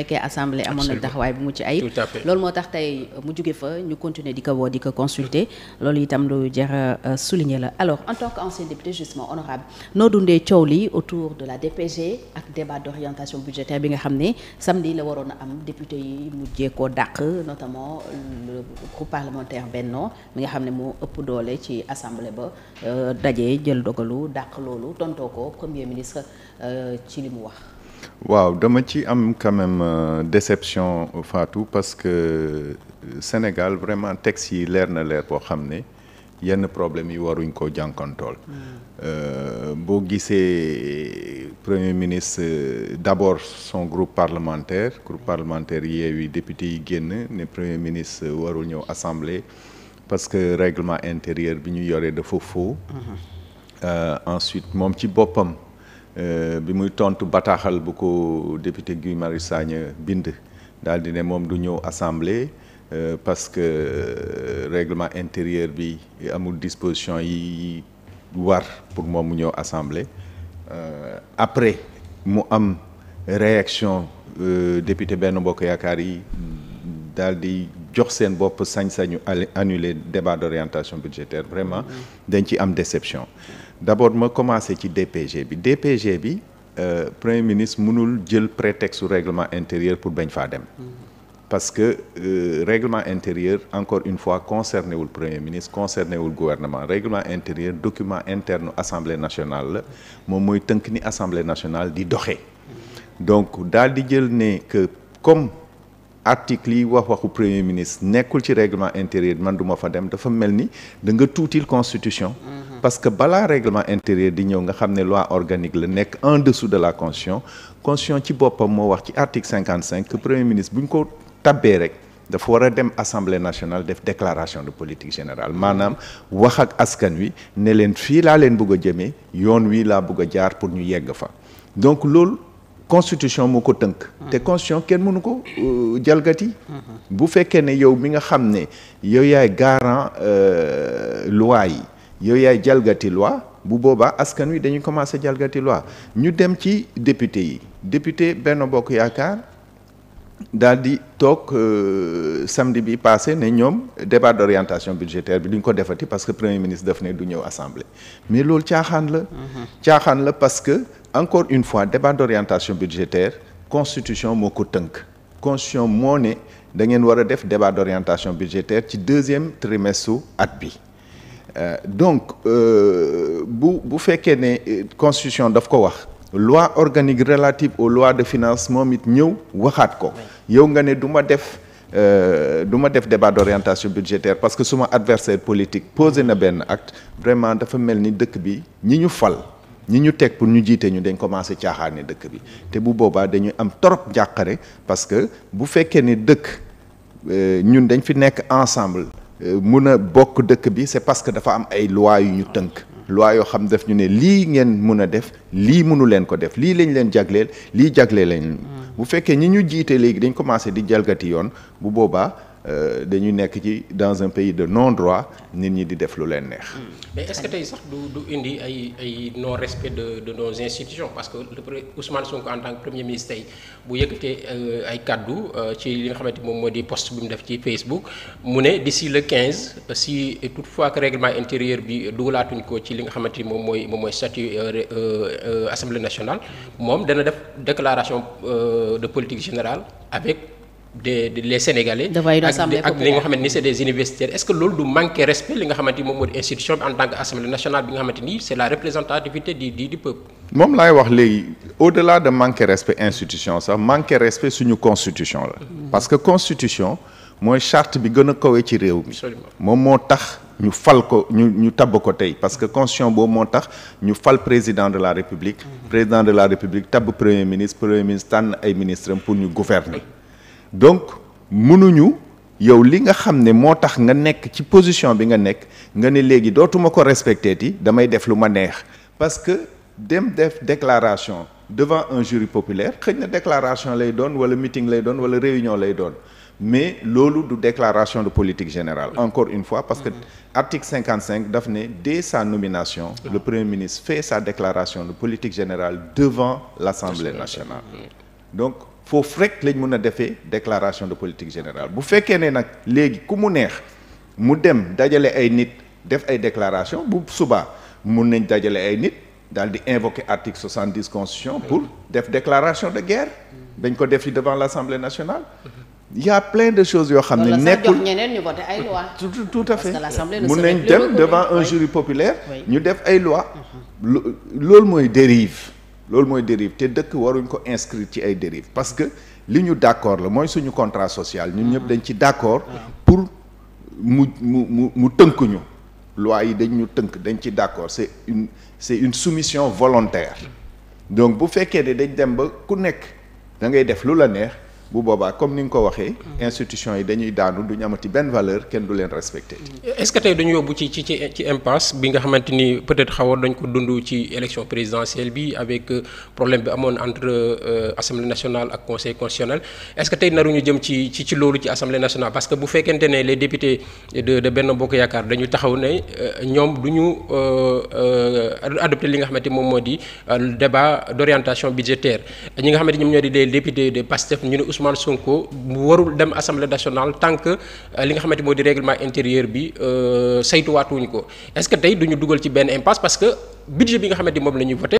nekkee assemblée amoon na taxawaay bu mu ci ayib loolu moo tax tey mu jóge fa ñu continuer di ko woo di ko consulter loolu itam lu jar a souligner la alors en tant qu'ancien député justement honorable noo dundee coow li autour de la DPG ak débat d'orientation budgétaire bi nga xam ne samedi la waroon am député yi mujjee koo dàq notamment le groupe parlementaire Benno mi nga xam ne moo ëpp doole ci assemblée ba euh, dajee jël dogalu dàq loolu tontoo ko premier ministre euh, ci li mu wax waaw dama ci am quand même euh, déception euh, faatu parce que euh, Sénégal vraiment texte yi leer na leer boo xam ne yenn problème yi waruñ koo jànkantool mm. euh, boo gisee premier ministre d'abord son groupe parlementaire groupe parlementaire Yewwi député yi génn ne premier ministre warul ñëw assemblée parce que règlement intérieur bi ñu yoree dafa faux mm-hmm. ensuite moom ci boppam Euh, bi muy tontu bataaxal bu ko député Guy Marius bind daal di ne moom du ñëw assemblée euh, parce que euh, règlement intérieur bi amul disposition yi war pour moom mu ñëw assemblée après mu am réaction député benn mbokk Yaakaar yi daal di jox seen bopp sañ-sañu annuler débat d'orientation budgétaire vraiment mm-hmm. dañ ci am déception d'abord ma commencé ci DPG bi DPG bi euh, premier ministre mënul jël prétexte su règlement intérieur pour bañ faa dem parce que euh, règlement intérieur encore une fois concerné wul premier ministre concerné wul gouvernement règlement intérieur document interne assemblée nationale la moom mooy tënk ni assemblée nationale di doxee donc daal di jël ne que comme article yi wax waxu premier ministre nekkul ci réglement intérieur man duma fa dem dafa mel ni da nga tuutil constitution mhm. parce que balaa règlement intérieur di ñëw nga xam ne loi organique la nekk en dessous de la constitution constitution ci boppam moo wax ci article cinquante cinq que premier ministre bu ko tabbee rek dafa war a dem assemblée nationale def déclaration de politique générale maanaam wax ak askan wi ne leen fii laa leen bëgg a jëmee yoon wii laa bëgg a jaar pour ñu yegg fa constitution moo ko tënk. te constitution kenn mënu ko euh, jalgati. bu fekkee ne yow mi nga xam ne yow yaay garant euh, loi yi yow yaay jalgati loi bu boobaa askan wi dañuy commencé jalgati loi ñu dem ci député yi député benn Bokk Yaakaar. daal di toog euh, samedi bi passé ne ñoom débat d'orientation budgétaire bi duñ ko defati parce que premier ministre daf ne du ñëw assemblée mais loolu caaxaan la. Mhm. caaxaan la parce que encore une fois débat d'orientation budgétaire constitution moo ko tënk. constitution moo ne da ngeen war a def débat d'orientation budgétaire ci deuxième trimestre su at bi euh, donc euh, bu bu fekkee ne constitution daf ko wax. loi organique relative aux lois de finances moom it ñëw waxaat ko yow nga ne duma def euh, du ma def débat d'orientation budgétaire parce que suma adversaire politique posé na benn acte vraiment dafa mel ni dëkk bi ñi ñu fal ñi ñu teg pour ñu jiite ñu dañ caaxaar caaxaane dëkk bi te bu boobaa dañuy am torop njàqare parce que bu fekkee ni dëkk euh, ñun dañ fi nekk ensemble euh, mun a bokk dëkk bi c'est parce que dafa am ay lois yu ñu tënk loi yoo xam daf ñu ne lii ngeen mun a def lii mënu leen ko def lii lañ leen jagleel lii jagleel lañ mm. bu fekkee ñi ñu jiite léegi dañ commencé di jalgati yoon bu boobaa Euh, dañu nekk ci dans un pays de non droit nit ñi di def lu leen neex. Mm. mais est-ce que tey sax du du indi ay ay non respect de de nos institutions parce que le Ousmane Sonko en tant que premier ministre tey bu yëkkatee euh, ay kaddu euh, ci li nga xamante moom moo di post bi mu def ci Facebook mu ne d'ici le 15 si toutefois que réglement intérieure bi dugalaatuñ ko ci li nga xamante ni moom mooy moom mooy statut assemblée nationale moom dana def déclaration de politique générale avec. des les Sénégalais. ak li nga xamante ni c'est des universitaires est-ce que loolu du manquer respect li nga xamante moom moo di institution bi en tant que assemblée nationale bi nga xamante ni c'est la représentativité du du peuple. moom laay wax léegi au-delà de manquer respect institution sax manquer respect suñu constitution la. Mm-hmm. parce que constitution mooy charte bi gën a kawe ci réew mi. moom moo tax. ñu fal ko ñu ñu tabb ko tey parce que constitution boobu moo tax ñu fal président de la république. Mm-hmm. président de la république tabb premier ministre premier ministre tànn ay ministres pour ñu gouverner. donc mënuñu yow li nga xam ne moo tax nga nekk ci position bi nga nekk nga ne léegi dootuma ko respecté ti damay def lu ma neex parce que dem def déclaration devant un jury populaire xëy na déclaration lay doon wala meeting lay doon wala réunion lay doon mais loolu du déclaration de politique générale encore une fois parce que mm-hmm. article 55 daf ne dès sa nomination ah. le premier ministre fait sa déclaration de politique générale devant l'Assemblée nationale donc foofu rek lañ mën a defee déclaration de politique générale bu fekkee ne nag léegi ku mu neex mu dem dajale ay nit def ay déclaration bu suba mun nañ dajale ay nit daal di invoquer article soixante-dix constitution pour def déclaration de guerre dañ ko def yi devant l'Assemblée nationale il y a plein de chose yoo xam ne nekkul tout à fait mun nañ dem devant un jury populaire ñu def ay loi loolu mooy dérive loolu mooy dérive te dëkk waruñ ko inscrire ci ay dérive parce que li ñu d'accord la mooy suñu contrat social ñun ñëpp dañ ci d'accord pour mu mu mu mu tënk ñu loi yi dañ ñu tënk dañ ci d'accord c'est une c'est une soumission volontaire donc bu fekkee ne dañ dem ba ku nekk da ngay def lu la neex bu boobaa comme ni nga ko waxee. institution yi dañuy daanu duñu amati benn valeur kenn du leen respecté. est-ce que tey dañu yóbbu ci ci ci ci impasse bi nga xamante ni peut-être xawoon ko dund ci élection présidentielle bi avec euh, problème bi amoon entre euh, assemblée nationale ak conseil constitutionnel est-ce que tey naruñu jëm ci ci ci loolu ci assemblée nationale parce que bu fekkente ne les députés de de Benno Bokk Yaakaar dañu taxaw ne euh, ñoom du ñu adopté li nga xamante moom moo di débat d'orientation budgétaire ñi Ousmane Sonko warul dem assemblée nationale tant que euh, li nga xamante moo di règlement intérieur bi euh, saytuwaatuñu ko est-ce que tey duñu dugal ci benn impasse parce que budget bi nga xamante moom la ñuy voté